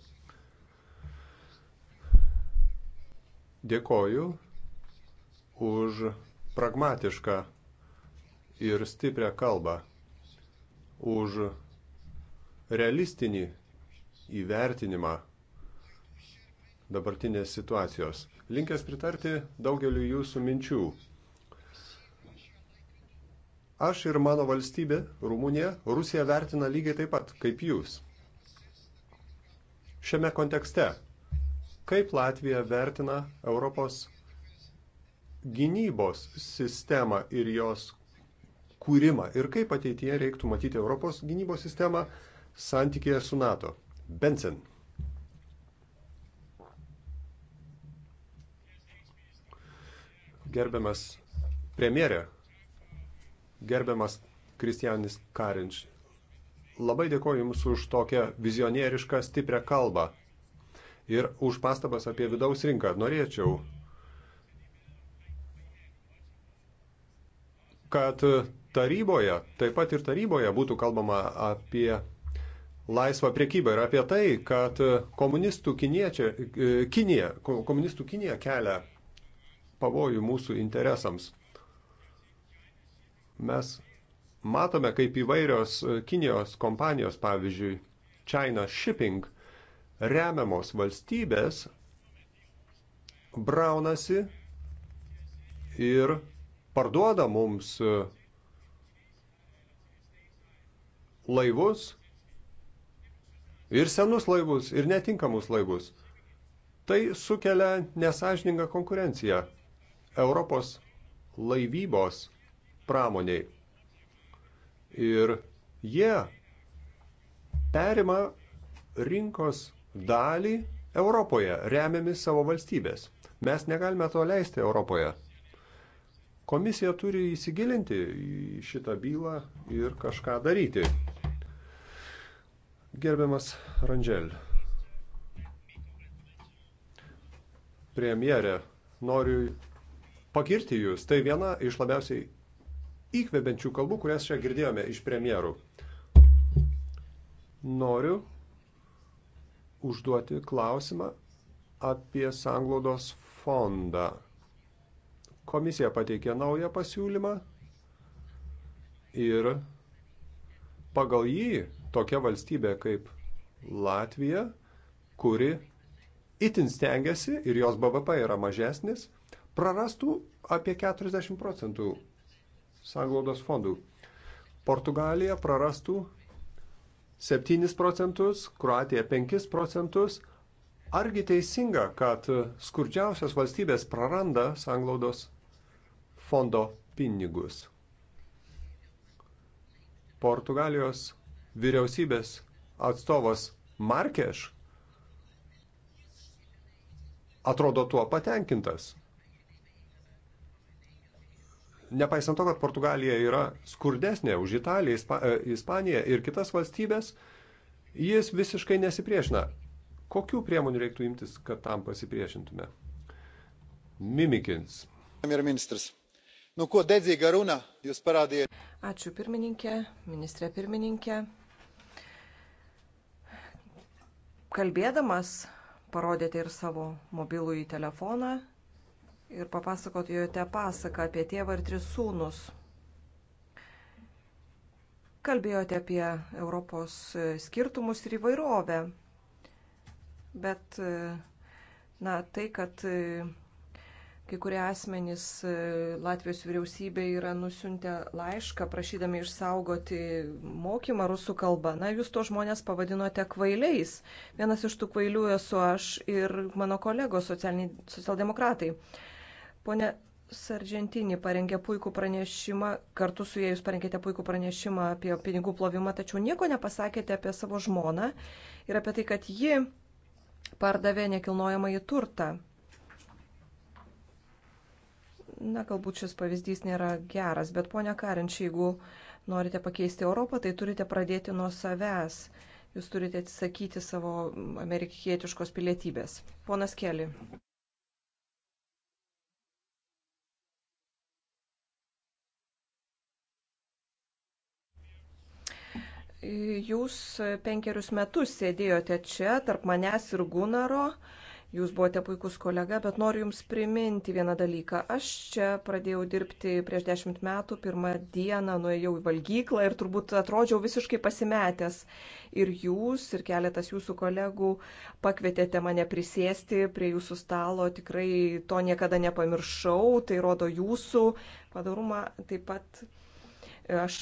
Dėkoju už pragmatišką ir stiprią kalbą, už realistinį įvertinimą dabartinės situacijos. Linkęs pritarti daugeliu jūsų minčių. Aš ir mano valstybė, Rumunija, Rusija vertina lygiai taip pat kaip jūs. Šiame kontekste, kaip Latvija vertina Europos gynybos sistemą ir jos kūrimą ir kaip ateityje reiktų matyti Europos gynybos sistemą santykėje su NATO. Benson. Gerbiamas premjerė, gerbiamas Kristijanis Karinč, labai dėkoju Jums už tokią vizionierišką, stiprią kalbą ir už pastabas apie vidaus rinką. Norėčiau, kad taryboje, taip pat ir taryboje būtų kalbama apie laisvą priekybą ir apie tai, kad komunistų kiniečia, e, Kinija, komunistų Kinija kelia pavojų mūsų interesams. Mes matome, kaip įvairios e, Kinijos kompanijos, pavyzdžiui, China Shipping, remiamos valstybės braunasi ir parduoda mums e, laivus ir senus laivus ir netinkamus laivus. Tai sukelia nesažiningą konkurenciją Europos laivybos pramoniai. Ir jie perima rinkos dalį Europoje, remiami savo valstybės. Mes negalime to leisti Europoje. Komisija turi įsigilinti į šitą bylą ir kažką daryti. Gerbiamas Randžel. Premjerė, noriu pagirti Jūs. Tai viena iš labiausiai įkvepiančių kalbų, kurias čia girdėjome iš premjerų. Noriu užduoti klausimą apie sanglaudos fondą. Komisija pateikė naują pasiūlymą ir pagal jį tokia valstybė kaip Latvija, kuri itin stengiasi ir jos BVP yra mažesnis, prarastų apie 40 procentų sanglaudos fondų. Portugalija prarastų 7 procentus, Kroatija 5 procentus. Argi teisinga, kad skurdžiausios valstybės praranda sanglaudos fondo pinigus? Portugalijos vyriausybės atstovas Markeš atrodo tuo patenkintas. Nepaisant to, kad Portugalija yra skurdesnė už Italiją, Ispa, e, Ispaniją ir kitas valstybės, jis visiškai nesipriešina. Kokių priemonių reiktų imtis, kad tam pasipriešintume? Mimikins. Premjerministras. Nu, ko dedzīga runa jūs parādījāt? Ačiū pirmininkė, ministrė pirmininkė. kalbėdamas parodėte ir savo mobilųjį telefoną ir papasakotumėte pasaką apie tėvą ir tris sūnus. Kalbėjote apie Europos skirtumus ir įvairovę. Bet, na, tai, kad Kai kurie asmenys e, Latvijos vyriausybė yra nusiuntę laišką prašydami išsaugoti mokymą rusų kalbą. Na, jūs to žmonės pavadinote kvailiais. Vienas iš tų kvailių esu aš ir mano kolegos socialdemokratai. Pone Sargentinį parengė puikų pranešimą, kartu su jais parengėte puikų pranešimą apie pinigų plovimą, tačiau nieko nepasakėte apie savo žmoną ir apie tai, kad ji pardavė nekilnojamąjį turtą Na, galbūt šis pavyzdys nėra geras, bet ponia Karinčiai, jeigu norite pakeisti Europą, tai turite pradėti nuo savęs. Jūs turite atsisakyti savo amerikietiškos pilietybės. Ponas Keli. Jūs penkerius metus sėdėjote čia tarp manęs ir Gunaro Jūs buvote puikus kolega, bet noriu Jums priminti vieną dalyką. Aš čia pradėjau dirbti prieš dešimt metų, pirmą dieną nuėjau į valgyklą ir turbūt atrodžiau visiškai pasimetęs. Ir Jūs ir keletas Jūsų kolegų pakvietėte mane prisėsti prie Jūsų stalo, tikrai to niekada nepamiršau, tai rodo Jūsų padarumą taip pat. Aš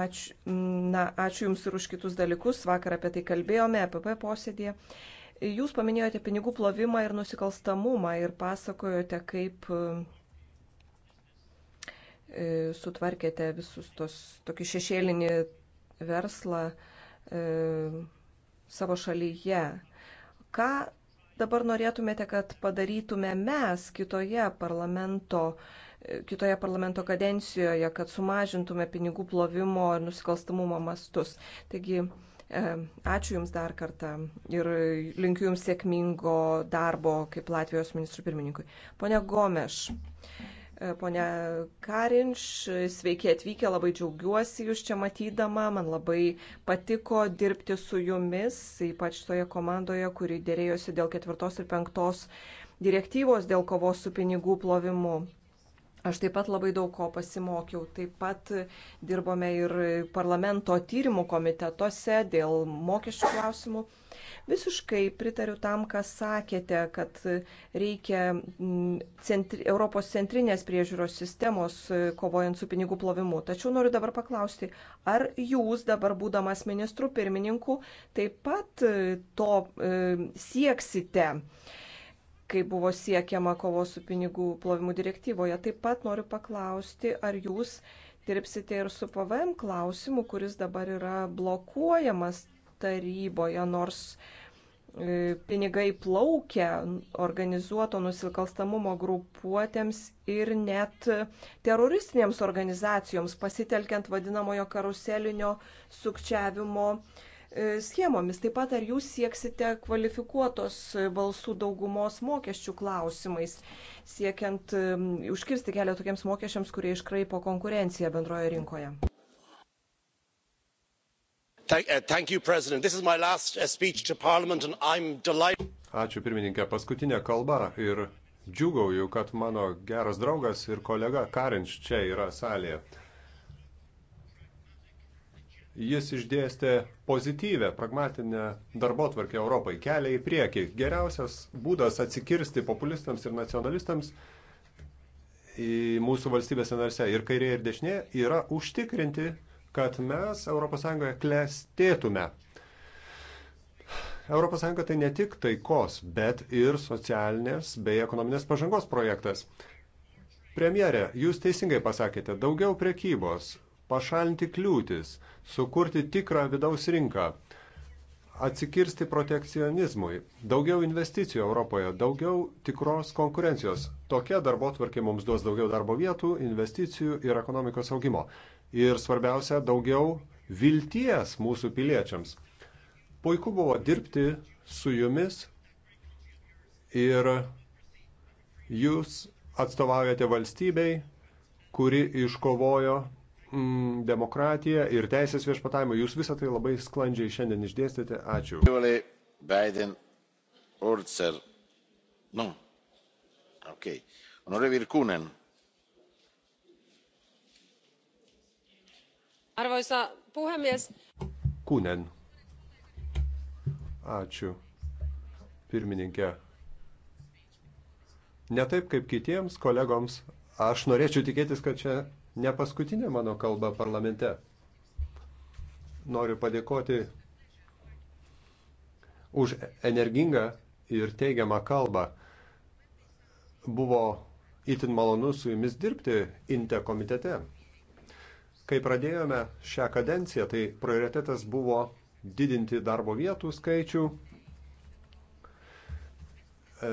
ačiū, na, ačiū Jums ir už kitus dalykus. Vakar apie tai kalbėjome, EPP posėdėje. Jūs paminėjote pinigų plovimą ir nusikalstamumą ir pasakojote, kaip e, sutvarkėte visus tos tokį šešėlinį verslą e, savo šalyje. Ką dabar norėtumėte, kad padarytume mes kitoje parlamento, e, kitoje parlamento kadencijoje, kad sumažintume pinigų plovimo ir nusikalstamumo mastus? Taigi, E, ačiū Jums dar kartą ir linkiu Jums sėkmingo darbo kaip Latvijos ministrų pirmininkui. Pone Gomeš, e, pone Karinš, sveiki atvykę, labai džiaugiuosi Jūs čia matydama, man labai patiko dirbti su Jumis, ypač toje komandoje, kuri dėrėjosi dėl ketvirtos ir penktos direktyvos dėl kovos su pinigų plovimu. Aš taip pat labai daug ko pasimokiau. Taip pat dirbome ir parlamento tyrimų komitetuose dėl mokesčių klausimų. Visiškai pritariu tam, kas sakėte, kad reikia mm, centri, Europos centrinės priežiūros sistemos e, kovojant su pinigų plovimu. Tačiau noriu dabar paklausti, ar jūs dabar, būdamas ministrų pirmininku, taip pat e, to e, sieksite? E, kai buvo siekiama kovos su pinigų plovimu direktyvoje. Taip pat noriu paklausti, ar jūs dirbsite ir su PVM klausimu, kuris dabar yra blokuojamas taryboje, nors e, pinigai plaukia organizuoto nusikalstamumo grupuotėms ir net teroristinėms organizacijoms, pasitelkiant vadinamojo karuselinio sukčiavimo uh, E, schemomis. Taip pat ar jūs sieksite kvalifikuotos balsų daugumos mokesčių klausimais, siekiant e, užkirsti kelią tokiems mokesčiams, kurie iškraipo konkurenciją bendroje rinkoje? Uh, uh, Ačiū pirmininkė, paskutinė kalba ir džiugauju, kad mano geras draugas ir kolega Karinč čia yra salėje. Jis išdėstė pozityvę, pragmatinę darbo tvarkę Europai, kelią į priekį. Geriausias būdas atsikirsti populistams ir nacionalistams į mūsų valstybėse narse ir kairė ir dešinė yra užtikrinti, kad mes ES klestėtume. ES tai ne tik taikos, bet ir socialinės bei ekonominės pažangos projektas. Premjerė, jūs teisingai pasakėte, daugiau prekybos, pašalinti kliūtis, sukurti tikrą vidaus rinką, atsikirsti protekcionizmui, daugiau investicijų Europoje, daugiau tikros konkurencijos. Tokia darbo tvarkė mums duos daugiau darbo vietų, investicijų ir ekonomikos augimo. Ir svarbiausia, daugiau vilties mūsų piliečiams. Puiku buvo dirbti su jumis ir jūs atstovaujate valstybei, kuri iškovojo mm, demokratiją ir teisės viešpatavimą. Jūs visą tai labai sklandžiai šiandien išdėstėte. Ačiū. Biden, Orzer. No. Okay. Honorable Virkunen. Arvoisa puhemies. Kunen. Ačiū. Pirmininkė. Ne taip kaip kitiems kolegoms. Aš norėčiau tikėtis, kad čia ne paskutinė mano kalba parlamente. Noriu padėkoti už energingą ir teigiamą kalbą. Buvo itin malonu su jumis dirbti INTE komitete. Kai pradėjome šią kadenciją, tai prioritetas buvo didinti darbo vietų skaičių, e,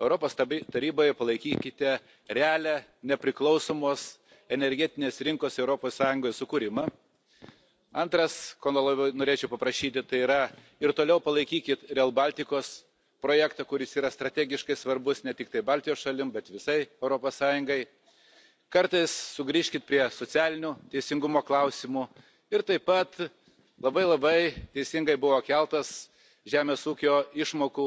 europos taryboje palaikykite realią nepriklausomos energetinės rinkos europos sąjungoje sukūrimą. antras ko labai norėčiau paprašyti tai yra ir toliau palaikykit rail balticos projektą kuris yra strategiškai svarbus ne tik tai baltijos šalims bet visai europos sąjungai. kartais sugrįžkit prie socialinio teisingumo klausimų ir taip pat labai labai teisingai buvo keltas žemės ūkio išmokų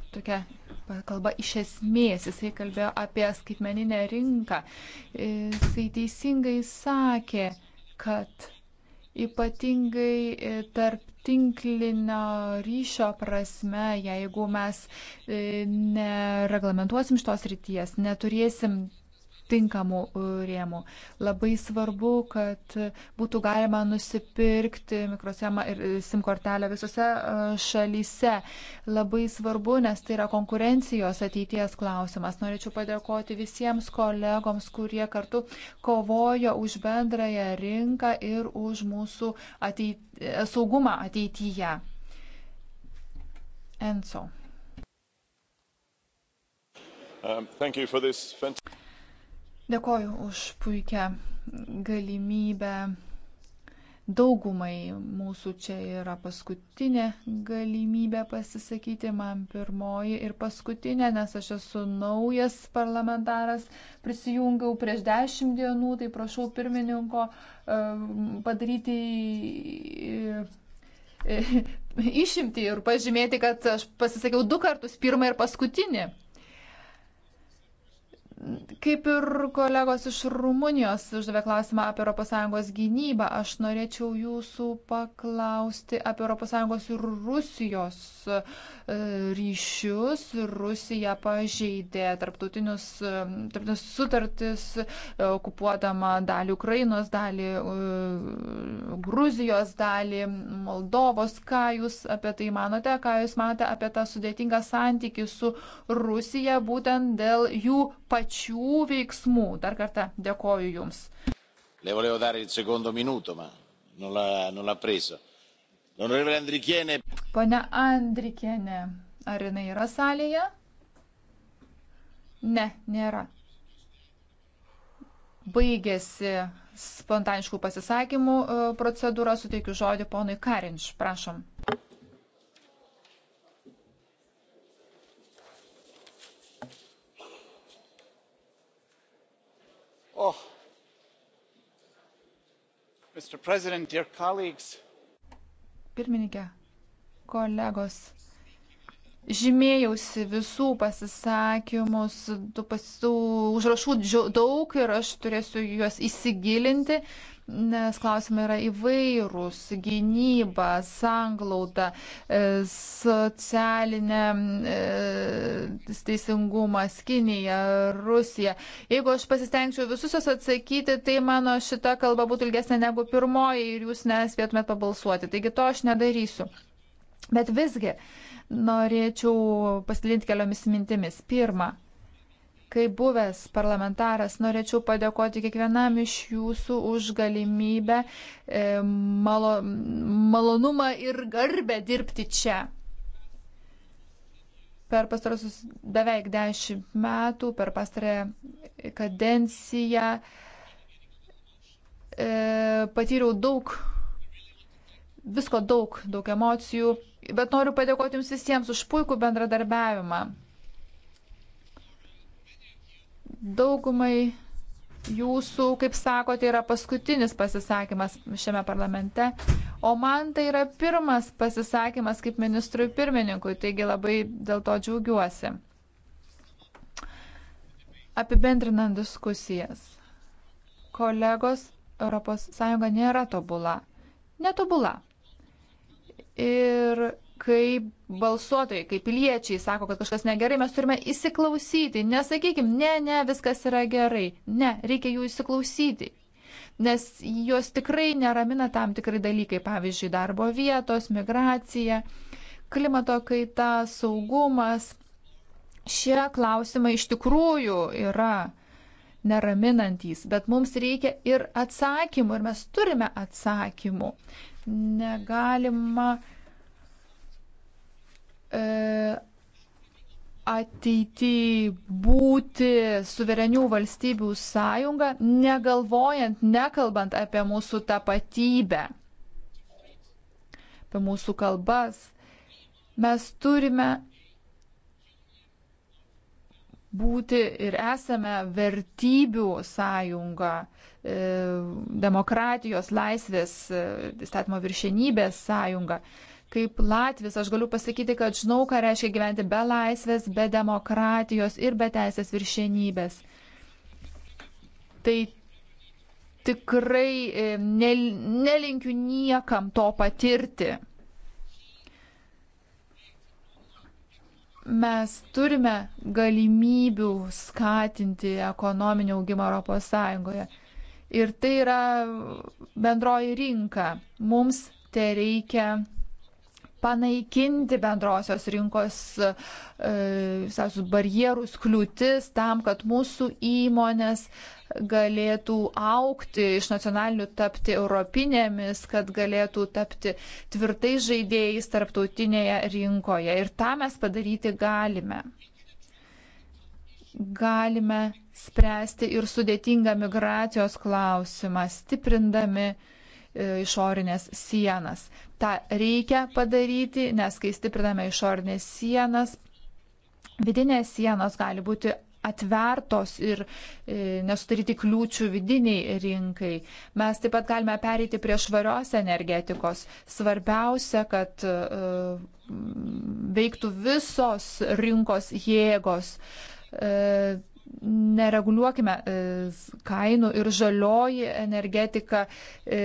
tokia kalba iš esmės. Jisai kalbėjo apie skaitmeninę rinką. Jisai teisingai sakė, kad ypatingai e, tarp tinklinio ryšio prasme, jeigu mes e, nereglamentuosim šitos ryties, neturėsim tinkamų e, rėmų. Labai svarbu, kad būtų galima nusipirkti mikrosimą ir e, sim kortelę visose e, šalyse. Labai svarbu, nes tai yra konkurencijos ateities klausimas. Norėčiau padėkoti visiems kolegoms, kurie kartu kovojo už bendrąją rinką ir už mūsų ateit... saugumą ateityje. Enso. Um, thank you for this fantastic Dėkoju už puikią galimybę. Daugumai mūsų čia yra paskutinė galimybė pasisakyti, man pirmoji ir paskutinė, nes aš esu naujas parlamentaras, prisijungiau prieš dešimt dienų, tai prašau pirmininko e, padaryti e, e, išimti ir pažymėti, kad aš pasisakiau du kartus, pirmą ir paskutinį. Kaip ir kolegos iš Rumunijos uždavė klausimą apie ES gynybą, aš norėčiau jūsų paklausti apie ES ir Rusijos e, ryšius. Rusija pažeidė tarptautinius, e, tarptautinius sutartis, e, okupuodama dalį Ukrainos, dalį Gruzijos, dalį Moldovos. Ką jūs apie tai manote, ką jūs matote apie tą sudėtingą santykį su Rusija būtent dėl jų pačių konkrečių veiksmų. Dar kartą dėkoju Jums. Le volevo dare il secondo minuto, ma non l'ha, non l'ha preso. L'onorevole Andrikienė. Pane Andrikienė, ar jinai yra salėje? Ne, nėra. Baigėsi spontaniškų pasisakymų e, procedūra, suteikiu žodį ponui Karinč, prašom. Oh. Mr. President, dear colleagues. Pirmininkė, kolegos, žymėjausi visų pasisakymus, tų pasų užrašų daug ir aš turėsiu juos įsigilinti, nes klausimai yra įvairūs - gynyba, sanglauta, e, socialinė e, teisingumas, Kinija, Rusija. Jeigu aš pasistengčiau visus jos atsakyti, tai mano šita kalba būtų ilgesnė negu pirmoji ir jūs nespėtumėt pabalsuoti. Taigi to aš nedarysiu. Bet visgi norėčiau pasidalinti keliomis mintimis. Pirma, Kaip buvęs parlamentaras norėčiau padėkoti kiekvienam iš jūsų už galimybę, e, malo, malonumą ir garbę dirbti čia. Per pastarosius beveik dešimt metų, per pastarąją kadenciją e, patyriau daug, visko daug, daug emocijų, bet noriu padėkoti jums visiems už puikų bendradarbiavimą. Daugumai jūsų, kaip sakote, yra paskutinis pasisakymas šiame parlamente, o man tai yra pirmas pasisakymas kaip ministrui pirmininkui, taigi labai dėl to džiaugiuosi. Apibendrinant diskusijas, kolegos, ES nėra tobula. Netobula. Ir kaip balsuotojai, kaip piliečiai sako, kad kažkas negerai, mes turime įsiklausyti. Nesakykim, ne, ne, viskas yra gerai. Ne, reikia jų įsiklausyti. Nes juos tikrai neramina tam tikri dalykai, pavyzdžiui, darbo vietos, migracija, klimato kaita, saugumas. Šie klausimai iš tikrųjų yra neraminantys, bet mums reikia ir atsakymų, ir mes turime atsakymų. Negalima E, ateityje būti suverenių valstybių sąjunga, negalvojant, nekalbant apie mūsų tapatybę, apie mūsų kalbas. Mes turime būti ir esame vertybių sąjunga, e, demokratijos, laisvės, e, įstatymo viršenybės sąjunga. Kaip Latvis aš galiu pasakyti, kad žinau, ką reiškia gyventi be laisvės, be demokratijos ir be teisės viršienybės. Tai tikrai e, nelinkiu niekam to patirti. Mes turime galimybių skatinti ekonominį augimą ES. Ir tai yra bendroji rinka. Mums tai reikia panaikinti bendrosios rinkos e, visasus barjerus, kliūtis tam, kad mūsų įmonės galėtų aukti iš nacionalinių tapti europinėmis, kad galėtų tapti tvirtai žaidėjais tarptautinėje rinkoje. Ir tą mes padaryti galime. Galime spręsti ir sudėtingą migracijos klausimą, stiprindami uh, E, išorinės sienas. Ta reikia padaryti, nes kai stipriname išorinės sienas, vidinės sienos gali būti atvertos ir e, nesudaryti kliūčių vidiniai rinkai. Mes taip pat galime pereiti prie švarios energetikos. Svarbiausia, kad e, veiktų visos rinkos jėgos. E, nereguliuokime e, kainų ir žalioji energetika e,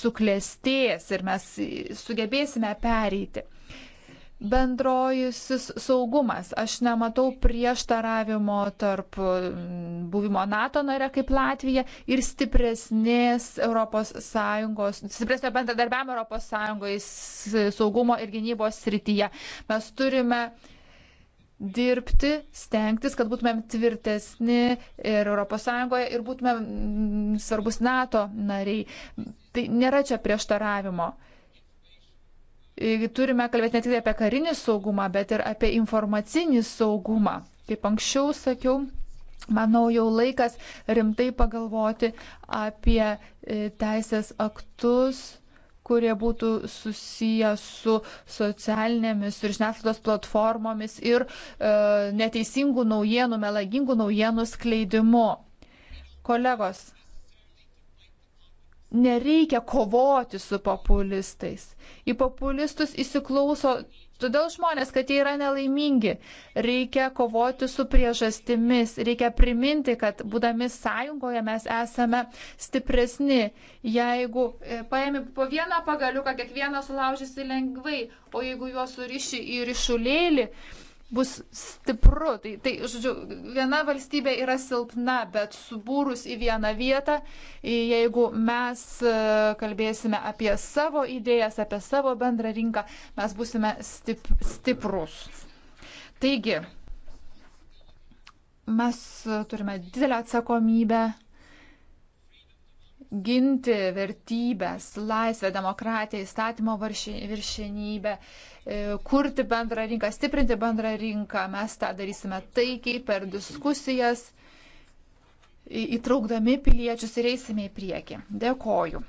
suklestės ir mes sugebėsime pereiti. Bendrojusis saugumas. Aš nematau prieštaravimo tarp buvimo NATO nare kaip Latvija ir stipresnės ES, stipresnio bendradarbiavimo ES saugumo ir gynybos srityje. Mes turime uh, dirbti, stengtis, kad būtumėm tvirtesni ir ES ir būtumėm mm, svarbus NATO nariai. Tai nėra čia prieštaravimo. Turime kalbėti ne tik apie karinį saugumą, bet ir apie informacinį saugumą. Kaip anksčiau sakiau, manau jau laikas rimtai pagalvoti apie e, teisės aktus kurie būtų susiję su socialinėmis ir žiniasklaidos platformomis ir e, neteisingų naujienų, melagingų naujienų skleidimu. Kolegos, nereikia kovoti su populistais. Į populistus įsiklauso Todėl žmonės, kad jie yra nelaimingi, reikia kovoti su priežastimis, reikia priminti, kad būdami sąjungoje mes esame stipresni. Jeigu e, paėmė po vieną pagaliuką, kiekvieną sulaužysi lengvai, o jeigu juos suriši į ryšulėlį, bus stipru. Tai, tai, žodžiu, viena valstybė yra silpna, bet subūrus į vieną vietą, jeigu mes e, kalbėsime apie savo idėjas, apie savo bendrą rinką, mes būsime stip, stiprus. Taigi, mes turime didelę atsakomybę ginti vertybės, laisvę, demokratiją, įstatymo viršienybę, e, kurti bendrą rinką, stiprinti bendrą rinką. Mes tą darysime taikiai per diskusijas, įtraukdami piliečius ir eisime į priekį. Dėkoju.